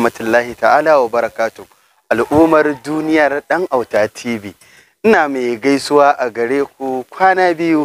rahmatullahi ta'ala wa barakatu al'ummar duniyar dan auta tv ina mai gaisuwa a gare ku kwana biyu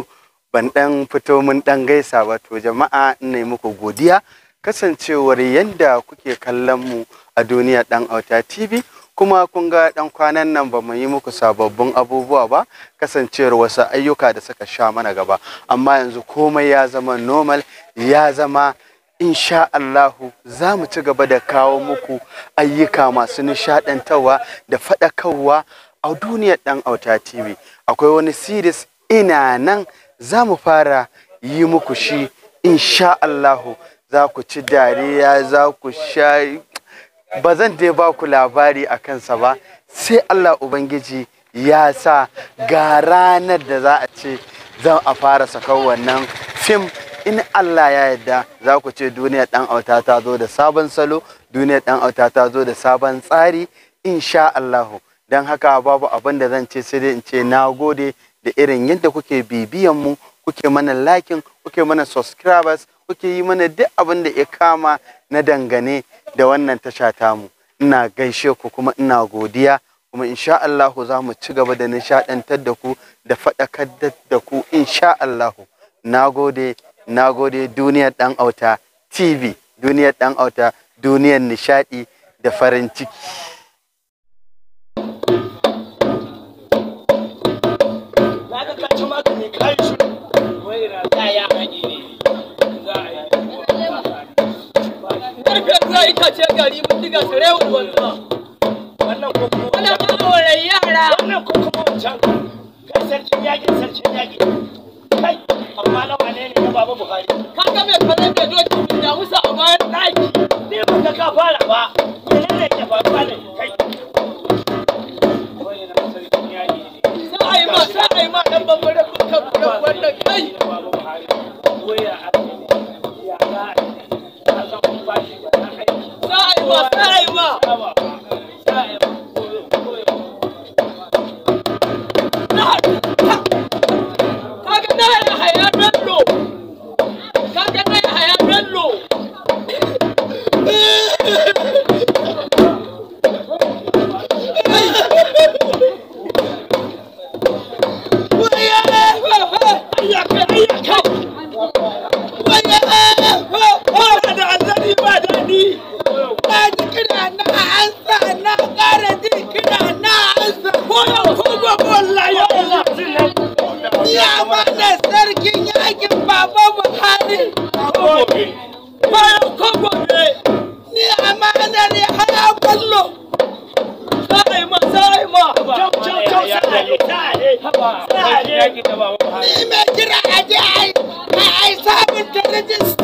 ban dan fito mun dan gaisa ba to jama'a ina muku godiya kasancewar yadda kuke kallon mu a duniya dan auta tv kuma kun ga dan kwanan nan ba mu yi muku sababbin abubuwa ba kasancewar wasu ayyuka da suka sha mana gaba amma yanzu komai ya zama normal ya zama insha Allahu za mu ci gaba da kawo muku ayyuka masu nishadantarwa da faɗakarwa a duniyar ɗan auta TV. Akwai wani series ina nan za mu fara yi muku shi insha Allahu za ku ci dariya za ku sha ba zan dai ba ku labari a kansa ba sai Allah Ubangiji ya sa ga ranar da za a ce zan a fara sakar wannan fim Allah ya yarda za ku ce duniya ɗan auta ta zo da sabon salo duniya ɗan auta ta zo da sabon tsari insha Allahu don haka babu abin da zan ce sai dai in ce na gode da irin yadda kuke bibiyan mu kuke mana lakin kuke mana subscribers kuke yi mana duk abin da ya kama na dangane da wannan tasha mu. ina gaishe ku kuma ina godiya kuma insha Allahu za mu ci gaba da nishaɗantar da ku da faɗakar da ku insha Allahu na gode na gode duniyar dan auta tv duniyar dan auta duniyar nishadi da farin ciki ce gari mun diga sare wanzuwa wannan ko kuma wannan yara wannan ko kuma wancan kai sarkin yaƙi sarkin yaƙi baba buhari ka mai kare mai doki da musa a bayan daki ne ba ka ka fara ba menene ke faruwa ne kai a ma za ma dan bambari bayan ko gobe ni amana ne ma ma ni mai kira a ai ai sabunta rajista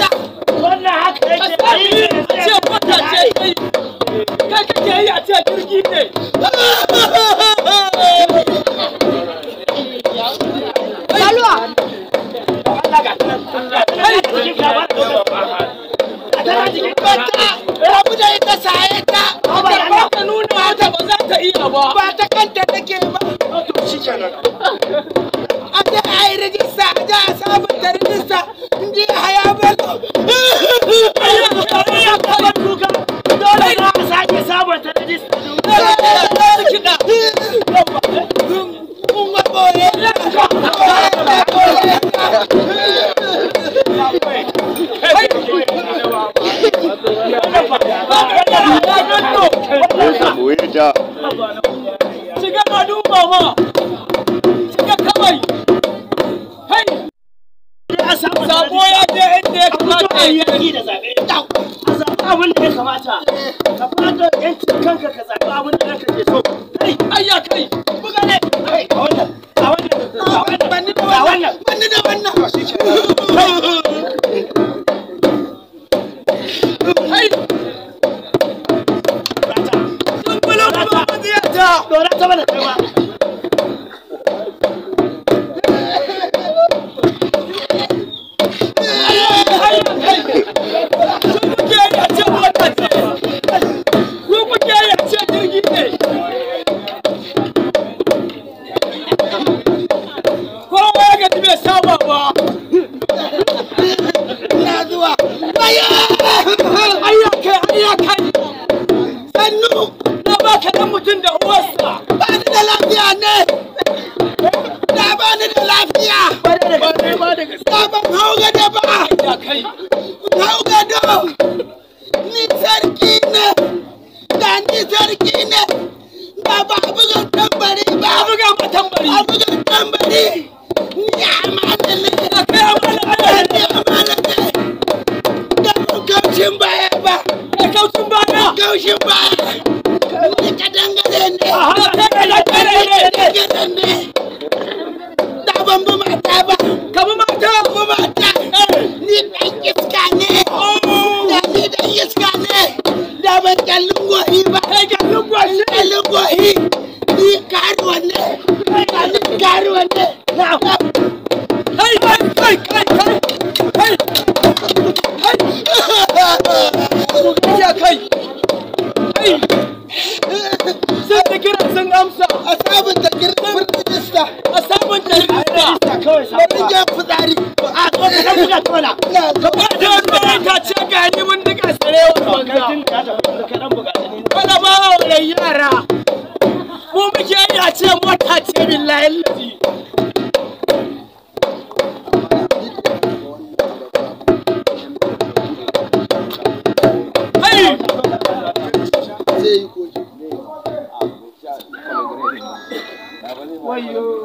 ta kanta take ba to shi kenan a je a yi rijista a je a sabunta rijista haya bello dole a sake mama shiga kawai hai sabo ya je inda ya kamata ya yi da zabe a abin da ya kamata ka fata yancin kanka ka abin da ke so kai ayya kai buga ne a wannan a wannan a wannan a wannan a wannan ba ka mutum da uwarsa ba ni da lafiya ne da ba ni da lafiya da ban hau gado ba hau gado ni sarki ne da ni sarki ne da ba bugan tambari ba bugan tambari a bugan tambari ni amana ne da kai amana ne amana ne da kaucin baya ba da kaucin baya kaucin baya Now. Hey, hey, hey, hey, hey. Hey. Hey. Hey. A sabunta girkin rijista. A sabunta rijista. Kawai sabunta. Bari fitsari. A kawai ka buga tona. Ka ba da ka ce ga ni mun duka sarewa. Kada ba yara. Mu muke yi a ce mota ce billahi lazi. Why you?